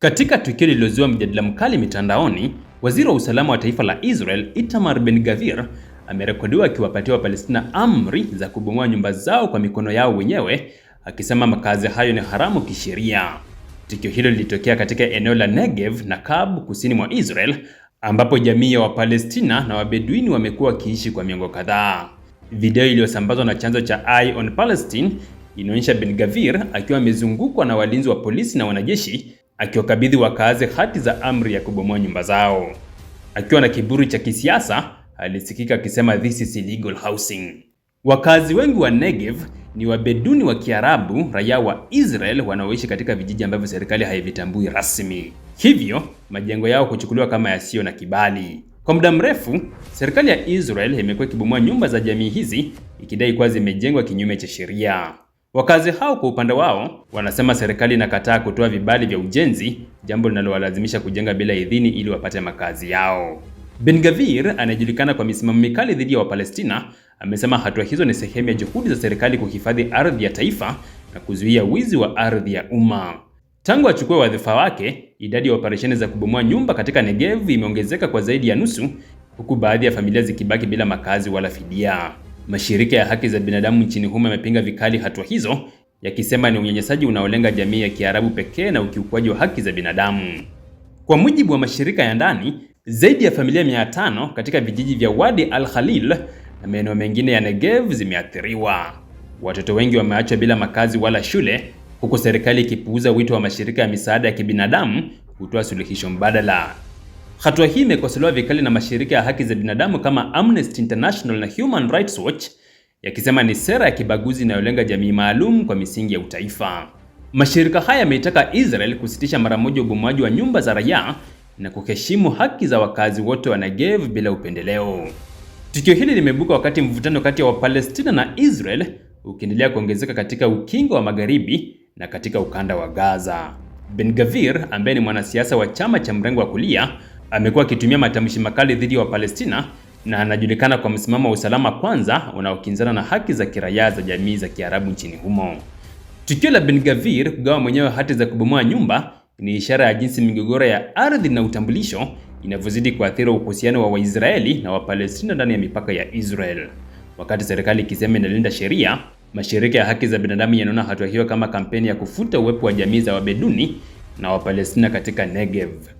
Katika tukio lililozua mjadala mkali mitandaoni, waziri wa usalama wa taifa la Israel Itamar Ben Gavir amerekodiwa akiwapatia Wapalestina amri za kubomoa nyumba zao kwa mikono yao wenyewe, akisema makazi hayo ni haramu kisheria. Tukio hilo lilitokea katika eneo la Negev na Kab kusini mwa Israel, ambapo jamii ya Wapalestina na Wabeduini wamekuwa wakiishi kwa miongo kadhaa. Video iliyosambazwa na chanzo cha Eye on Palestine inaonyesha Ben Gavir akiwa amezungukwa na walinzi wa polisi na wanajeshi akiwakabidhi wakaazi hati za amri ya kubomoa nyumba zao. Akiwa na kiburi cha kisiasa, alisikika akisema this is illegal housing. Wakazi wengi wa Negev ni wabeduni wa Kiarabu, raia wa Israel wanaoishi katika vijiji ambavyo serikali haivitambui rasmi, hivyo majengo yao kuchukuliwa kama yasiyo na kibali. Kwa muda mrefu, serikali ya Israel imekuwa ikibomoa nyumba za jamii hizi ikidai kuwa zimejengwa kinyume cha sheria. Wakazi hao kwa upande wao wanasema serikali inakataa kutoa vibali vya ujenzi, jambo linalowalazimisha kujenga bila idhini ili wapate makazi yao. Ben Gavir anayejulikana kwa misimamo mikali dhidi ya Wapalestina amesema hatua hizo ni sehemu ya juhudi za serikali kuhifadhi ardhi ya taifa na kuzuia wizi wa ardhi ya umma. Tangu achukue wadhifa wake, idadi ya operesheni za kubomoa nyumba katika Negev imeongezeka kwa zaidi ya nusu, huku baadhi ya familia zikibaki bila makazi wala fidia. Mashirika ya haki za binadamu nchini humo yamepinga vikali hatua hizo yakisema ni unyanyasaji unaolenga jamii ya Kiarabu pekee na ukiukwaji wa haki za binadamu. Kwa mujibu wa mashirika ya ndani, zaidi ya familia 500 katika vijiji vya Wadi Al Khalil na maeneo mengine ya Negev zimeathiriwa. Watoto wengi wameachwa bila makazi wala shule, huku serikali ikipuuza wito wa mashirika ya misaada ya kibinadamu kutoa suluhisho mbadala. Hatua hii imekosolewa vikali na mashirika ya haki za binadamu kama Amnesty International na Human Rights Watch yakisema ni sera ya kibaguzi inayolenga jamii maalum kwa misingi ya utaifa. Mashirika haya yameitaka Israel kusitisha mara moja ubomoaji wa nyumba za raia na kuheshimu haki za wakazi wote wa Negev bila upendeleo. Tukio hili limebuka wakati mvutano kati ya Wapalestina na Israel ukiendelea kuongezeka katika ukingo wa Magharibi na katika ukanda wa Gaza. Ben Gavir ambaye ni mwanasiasa wa chama cha mrengo wa kulia amekuwa akitumia matamshi makali dhidi ya Wapalestina na anajulikana kwa msimamo wa usalama kwanza unaokinzana na haki za kiraia za jamii za Kiarabu nchini humo. Tukio la Ben Gavir kugawa mwenyewe hati za kubomoa nyumba ni ishara ya jinsi migogoro ya ardhi na utambulisho inavyozidi kuathiri uhusiano wa Waisraeli na Wapalestina ndani ya mipaka ya Israel. Wakati serikali ikisema inalinda sheria, mashirika ya haki za binadamu yanaona hatua hiyo kama kampeni ya kufuta uwepo wa jamii za Wabeduni na Wapalestina katika Negev.